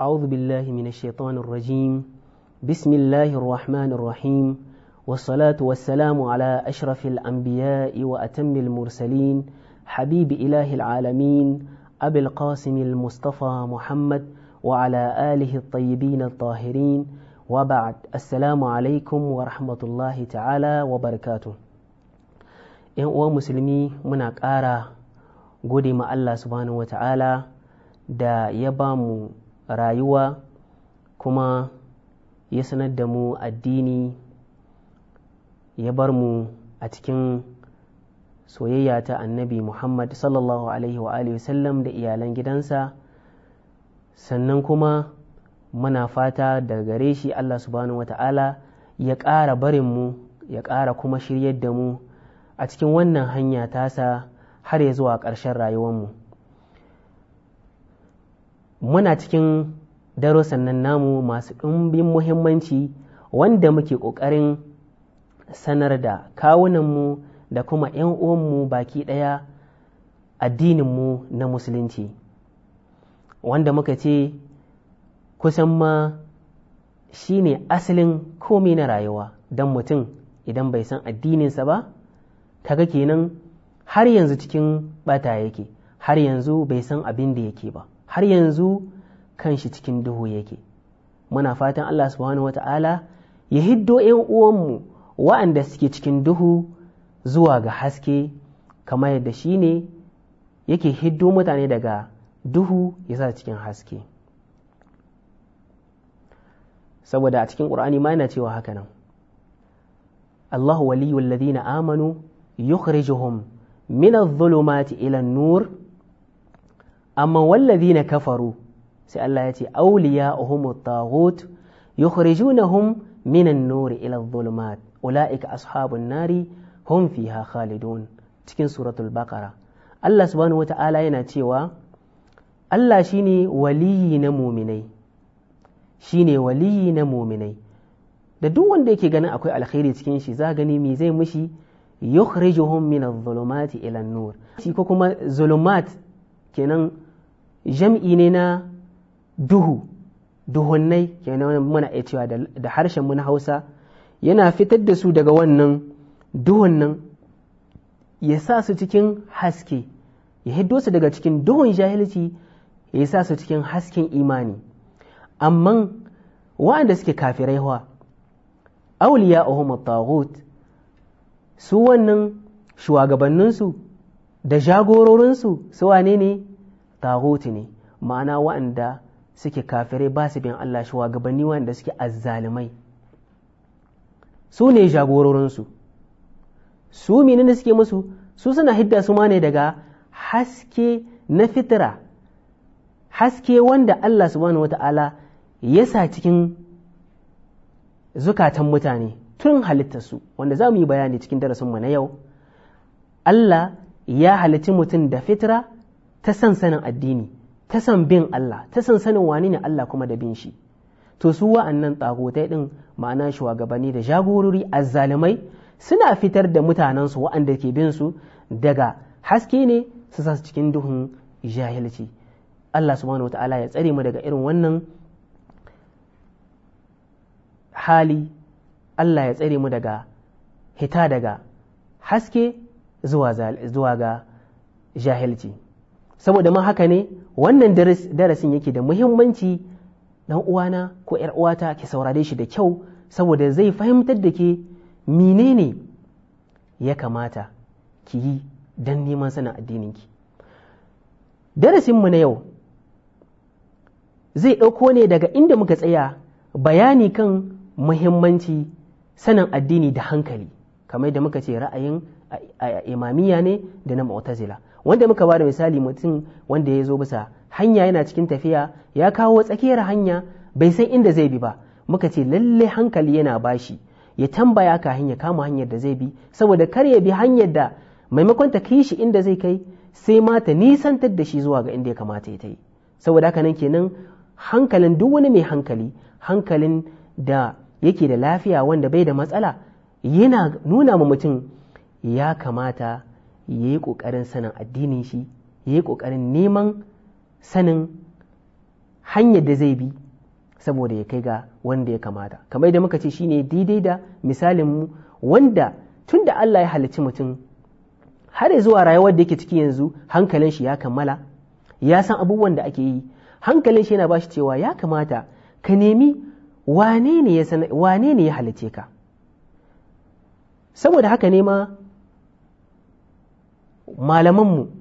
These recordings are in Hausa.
أعوذ بالله من الشيطان الرجيم بسم الله الرحمن الرحيم والصلاة والسلام على أشرف الأنبياء وأتم المرسلين حبيب إله العالمين أبي القاسم المصطفى محمد وعلى آله الطيبين الطاهرين وبعد السلام عليكم ورحمة الله تعالى وبركاته ‘Yan uwa musulmi muna ƙara gode ma Allah subhanahu wa ta'ala da ya ba mu rayuwa kuma ya sanar da mu addini ya bar mu a cikin soyayya ta annabi muhammad sallallahu alaihi wa da iyalan gidansa sannan kuma muna fata daga gare shi allah subhanahu ta'ala ya ƙara barin mu ya ƙara kuma shiryar da mu a cikin wannan hanya tasa har ya zuwa ƙarshen rayuwarmu mu muna cikin darussan nan namu masu ɗumbin muhimmanci wanda muke ƙoƙarin sanar da kawunanmu da kuma 'yan uwanmu baki ɗaya addininmu na musulunci wanda muka ce kusan ma shi ne asalin komai na rayuwa don mutum idan bai san addininsa ba kaga kenan har yanzu cikin bata yake har yanzu bai san abin da yake ba har yanzu kan shi cikin duhu yake muna fatan Allah subhanahu wata'ala ya hiddo ‘yan uwanmu wa'anda suke cikin duhu zuwa ga haske kamar yadda shi ne yake hiddo mutane daga duhu ya sa cikin haske saboda a cikin ƙur'ani ma yana cewa haka nan Allahu waliyu ladina amanu yukhrijuhum min adh-dhulumati ila nur amma wallazi na kafaru sai Allah ya ce auliya uhumut taghut yukhrijunahum minan nuri ila dhulumat ulaika ashabun nari hum fiha khalidun cikin suratul baqara Allah subhanahu wata'ala yana cewa Allah shine waliyi na muminai shine waliyi na muminai da duk wanda yake ganin akwai alkhairi cikin shi za gani me zai mishi yukhrijuhum min adh-dhulumati ila an-nur shi ko kuma zulumat kenan jam'i ne na duhu duhunnai kenan muna iya cewa da harshen muna hausa yana fitar da su daga wannan duhun nan ya sa su cikin haske ya hiddo su daga cikin duhun jahilci ya sa su cikin hasken imani amma waɗanda suke kafirai hawa auliya ohun su wannan shugabanninsu da jagororinsu su wane ne taguti ne ma'ana wa'anda suke kafirai ba su bin Allah shi gabanni wa'anda suke azzalumai su ne jagororinsu su menene suke musu su suna hidda su ma ne daga haske na fitira haske wanda Allah subhanahu wata'ala ya sa cikin zukatan mutane tun halittarsu wanda za mu yi bayani cikin darasinmu na yau Allah ya halitti mutum da fitira ta san sanin addini ta san bin Allah ta san sanin wani ne Allah kuma da bin shi to su wa'annan tsagotai din ma'ana shugabanni da jagorori azzalumai suna fitar da mutanensu wa'anda ke bin su daga haske ne su sa cikin duhun jahilci Allah subhanahu wata'ala ya tsare mu daga irin wannan hali Allah ya tsare mu daga hita daga haske zuwa ga jahilci saboda ma haka ne wannan darasin yake da muhimmanci dan uwana ko ‘yar uwata ki saurare shi da kyau saboda zai fahimtar da ke menene ya kamata ki yi dan neman sanin darasin mu na yau zai ɗauko ne daga inda muka tsaya bayani kan muhimmanci sanin addini da hankali kamar da muka ce ra'ayin imamiyya ne da na mu'tazila wanda muka ba da misali mutum wanda ya zo bisa hanya yana cikin tafiya ya kawo tsakiyar hanya bai san inda zai bi ba muka ce lalle hankali yana bashi ya tambaya ka hanya kama hanyar da zai bi saboda kar ya bi hanyar da maimakon ta kai shi inda zai kai sai ma ta nisantar da shi zuwa ga inda ya kamata ya ta'i, saboda haka nan kenan hankalin duk wani mai hankali hankalin da yake da lafiya wanda bai da matsala yana nuna ma mutum ya kamata ya yi ƙoƙarin sanin addinin shi ya yi ƙoƙarin neman sanin hanyar da zai bi saboda ya kai ga wanda ya kamata kamar da muka ce shi shine daidai da misalin mu wanda tun da Allah ya halicci mutum har zuwa rayuwar da yake ciki yanzu hankalin shi ya kammala ya san abubuwan da ake yi hankalin shi yana ba shi cewa ya kamata ka nemi wane ne ya halicce ka saboda haka ne ma malamanmu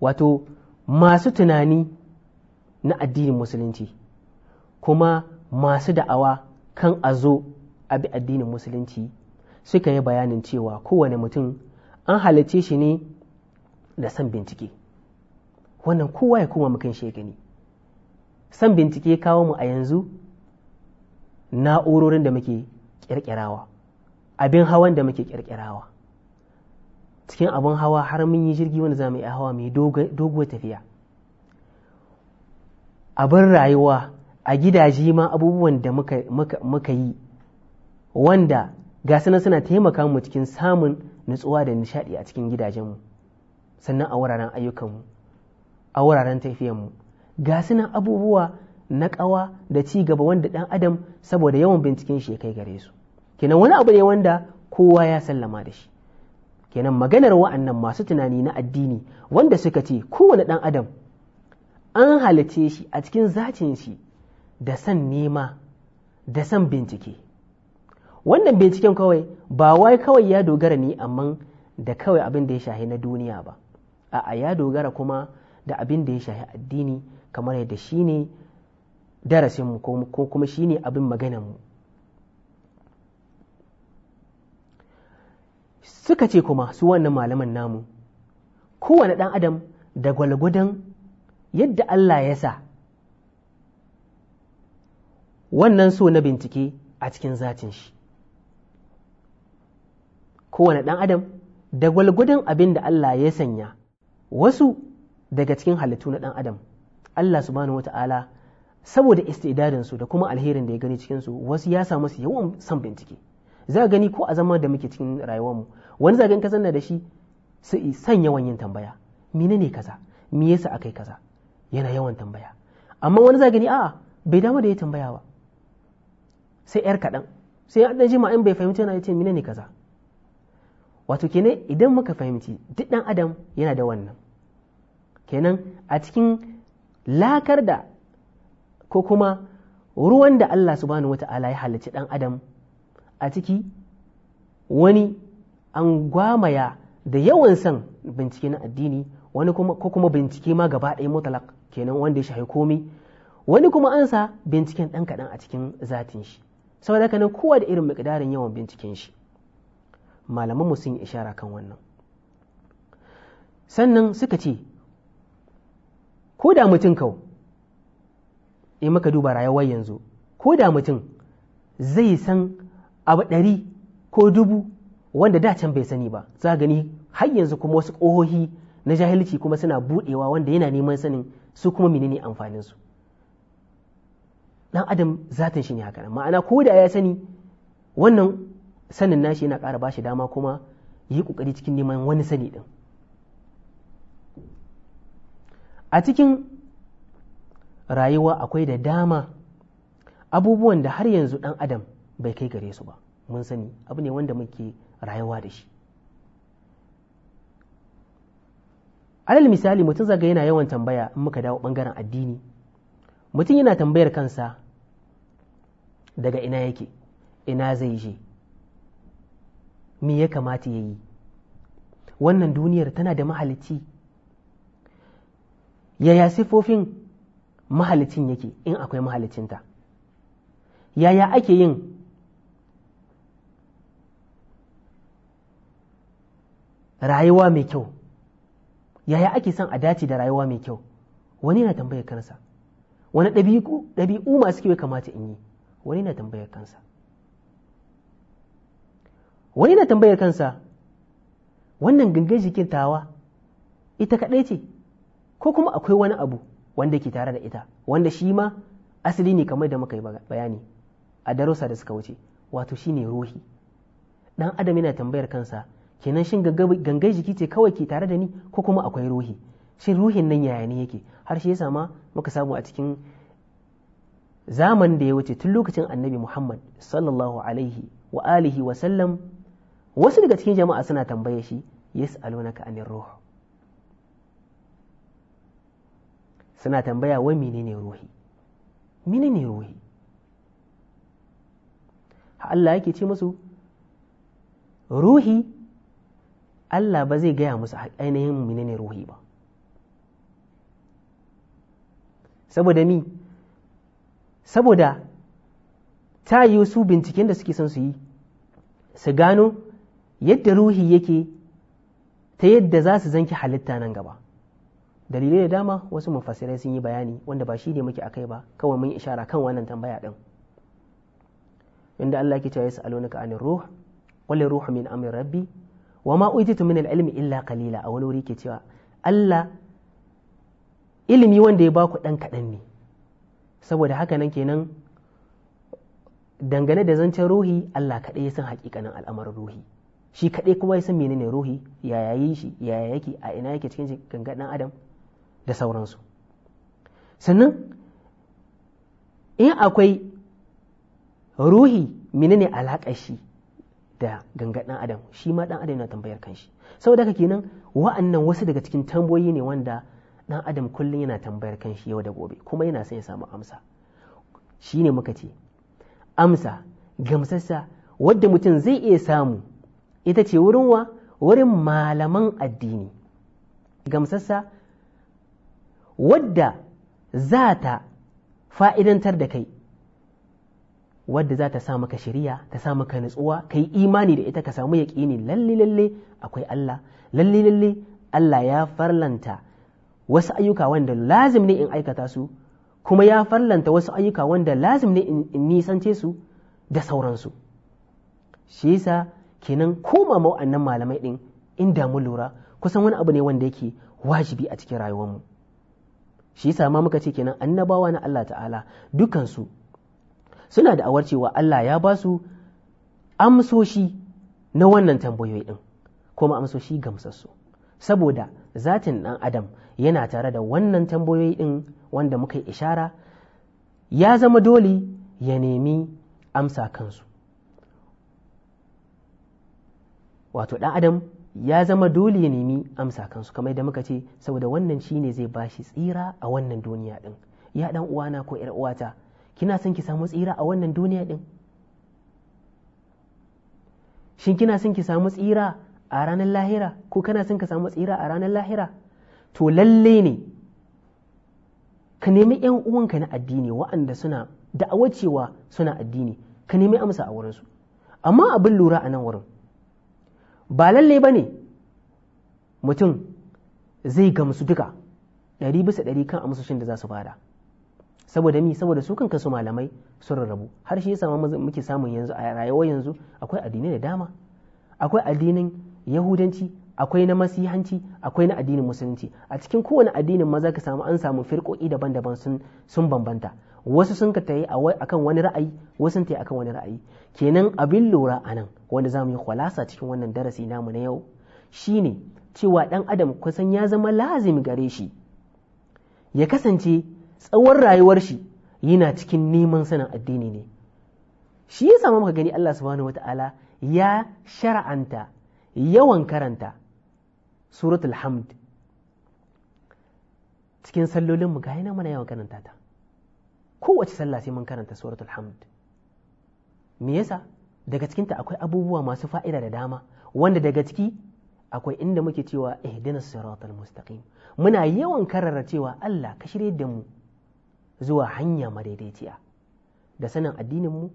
wato masu tunani na addinin musulunci kuma masu da'awa kan a zo a addinin musulunci suka yi bayanin cewa kowane mutum an halarce shi ne da san bincike wannan kowa ya kuma mukan shekani san bincike kawo mu a yanzu na'urorin da muke ƙirƙirawa, abin hawan da muke ƙirƙirawa. cikin abin hawa har mun yi jirgi wanda za mu yi hawa mai doguwar tafiya abin rayuwa a gidaje ma abubuwan da muka yi wanda ga suna taimaka mu cikin samun nutsuwa da nishaɗi a cikin gidajenmu sannan a wuraren ayyukanmu a wuraren tafiyanmu ga suna abubuwa na ƙawa da ci gaba wanda dan adam saboda yawan binciken shi ya kai gare su kenan wani abu ne wanda kowa ya sallama da shi kenan maganar wa'annan masu tunani na addini wanda suka ce kowane ɗan adam an halice shi a cikin zacin shi da san nema da san bincike wannan binciken kawai ba wai kawai ya dogara ne amma da kawai abin da ya shahi na duniya ba a'a ya dogara kuma da abin da ya shahi addini kamar yadda shi ne darasinmu ko kuma shi ne abin maganarmu suka ce kuma su wannan malaman namu kowane ɗan adam da gwalgwadon yadda Allah ya sa wannan so na bincike a cikin zatin shi kowane ɗan adam da gwalgwadon abin da Allah ya sanya wasu daga cikin halittu na ɗan adam Allah subhanahu wa ta'ala saboda istidadinsu da kuma alherin da ya gani cikinsu wasu ya samu su yawan son bincike za a gani ko a zama da muke cikin rayuwarmu wani zagin ka zanna da shi sai san yawan yin tambaya ne kaza me yasa akai kaza yana yawan tambaya amma wani zagani a'a bai dama da ya tambaya ba sai yar kaɗan sai ya ɗan jima in bai fahimci yana ce ne kaza wato kenan idan muka fahimci duk ɗan adam yana da wannan kenan a cikin lakar da ko kuma ruwan da Allah subhanahu wata'ala ya halicci ɗan adam a ciki wani an gwamaya da yawan san bincike na addini wani kuma ko kuma bincike ma gaba ɗaya mutalak kenan wanda ya shahi komai, wani kuma an sa binciken ɗan kaɗan a cikin zatin shi saboda haka nan kowa da irin miƙdarin yawan binciken shi malaman mu sun yi ishara kan wannan sannan suka ce ko da mutum kau in maka duba rayuwar yanzu ko da mutum zai san abu ɗari ko dubu wanda da can bai sani ba za gani har yanzu kuma wasu ƙohohi na jahilci kuma suna buɗewa wanda yana neman sanin su kuma menene amfanin su dan adam zatin shi ne haka ma'ana ko da ya sani wannan sanin nashi yana ƙara bashi dama kuma yi ƙoƙari cikin neman wani sani din a cikin rayuwa akwai da dama abubuwan da har yanzu ɗan adam bai kai gare su ba mun sani abu ne wanda muke rayuwa da shi alal misali mutum zaga yana yawan tambaya in muka dawo bangaren addini mutum yana tambayar kansa daga ina yake ina zai je me ya kamata ya yi wannan duniyar tana da mahalicci yaya sifofin mahalicin yake in akwai mahalicinta yaya ake yin rayuwa mai kyau yaya ake son a dace da rayuwa mai kyau wani na tambayar kansa wani ɗabi'u masu kyau kamata in yi wani na tambayar kansa wani na tambayar kansa wannan gangan jikin tawa ita kaɗai ce ko kuma akwai wani abu wanda ke tare da ita wanda shi ma asali ne kamar da muka yi bayani a darussa da suka wuce wato shine ruhi Ɗan adam yana tambayar kansa kenan shin gangai jiki ce kawai ke tare da ni ko kuma akwai ruhi shin ruhin nan yaya ne yake har shi yasa ma muka samu a cikin zaman da ya wuce tun lokacin annabi muhammad sallallahu alaihi wa alihi wa sallam wasu daga cikin jama'a suna tambaye shi yas'alunaka anir ruh suna tambaya wai menene ruhi menene ruhi Allah yake ce musu ruhi Allah ba zai gaya musu ainihin menene ruhi ba saboda ni saboda ta yi su binciken da suke son su yi su gano yadda ruhi yake ta yadda za su zanki halitta nan gaba dalilai da dama wasu mafasirai sun yi bayani wanda ba shi ne muke akai ba kawai mun ishara kan wannan tambaya ɗin. inda Allah ke cewa ya sa'alunaka anir ruh qul ruhu min amin rabbi wa ma utitu min al-ilmi illa qalila a wani wuri ke cewa Allah ilimi wanda ya baku dan kaɗan ne saboda haka nan kenan dangane da zancen ruhi Allah kaɗai ya san hakikanin al'amarin ruhi shi kaɗai kuma ya san menene ruhi ya yayi shi ya yake a ina yake cikin gangan dan adam da sauransu sannan in akwai ruhi menene alaƙar shi da gangan ɗan adam shi ma ɗan adam yana tambayar kanshi saboda haka kenan wa'annan wasu daga cikin tambayoyi ne wanda ɗan adam kullum yana tambayar kanshi yau da gobe kuma yana son ya samu amsa shine muka ce amsa gamsassa wadda mutum zai iya samu ita ce wurin wa wurin malaman addini gamsassa wadda za ta fa'idantar da kai wadda za ta sa maka shari'a ta sa maka nutsuwa ka yi imani da ita ka samu yaƙini lalle lalle akwai Allah lalle lalle Allah ya farlanta wasu ayyuka wanda lazim ne in aikata su kuma ya farlanta wasu ayyuka wanda lazim ne in nisance su da sauransu shi yasa kenan koma annan malamai din in damu lura kusan wani abu ne wanda yake wajibi a cikin rayuwarmu shi yasa ma muka ce kenan annabawa na Allah ta'ala dukansu suna da awar cewa Allah ya ba su amsoshi na wannan tambayoyi ɗin kuma amsoshi gamsassu saboda zatin ɗan adam yana tare da wannan tambayoyi ɗin wanda muka ishara ya zama dole ya nemi amsa kansu wato ɗan adam ya zama dole ya nemi amsa kansu kamar da muka ce saboda wannan shine zai ba shi tsira a wannan duniya ɗin ya ɗan uwana ko 'yar uwata kina son ki samu tsira a wannan duniya ɗin? shin kina son ki samu tsira a ranar lahira ko kana son ka samu tsira a ranar lahira to lalle ne ka nemi ‘yan uwanka na addini wa'anda suna da cewa suna addini ka nemi amsa a wurinsu amma abin lura a nan wurin ba lalle ba ne mutum zai gamsu duka ɗari bisa ɗari kan amsoshin da za su fada saboda mi saboda su kanka su malamai sun rarrabu har shi yasa muke samun yanzu a rayuwar yanzu akwai addinai da dama akwai addinin yahudanci akwai na masihanci akwai na addinin musulunci a cikin kowane addinin maza ka samu an samu firkoki daban-daban sun bambanta wasu sun ka tayi akan wani ra'ayi wasu sun tayi akan wani ra'ayi kenan abin lura a nan wanda za mu yi kwalasa cikin wannan darasi namu na yau shine cewa ɗan adam kusan ya zama lazimi gare shi ya kasance tsawon rayuwar shi yana cikin neman sanin addini ne shi ya samu muka gani Allah subhanahu wata'ala ya shara'anta yawan karanta suratul hamd cikin sallolin mu ga yana mana yawan karanta ta kowace sallah sai mun karanta suratul hamd me yasa daga cikinta akwai abubuwa masu fa'ida da dama wanda daga ciki akwai inda muke cewa ihdinas siratal mustaqim muna yawan karara cewa Allah ka shirye da mu zuwa hanya madaidaiciya da sanin addininmu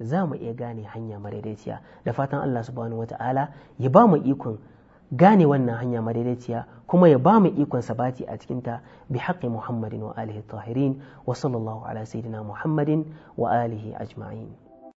za mu iya gane hanya madaidaiciya da fatan Allah subhanahu wata'ala ya ba mu ikon gane wannan hanya madaidaiciya kuma ya ba mu ikon sabati a cikinta bi haƙƙi muhammadin wa alihi tahirin wa sallallahu ala sayidina muhammadin wa alihi ajma'in